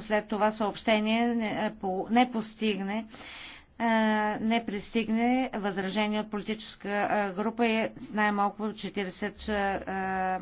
след това съобщение не, е, постигне е, не пристигне възражение от политическа е, група и най-малко 40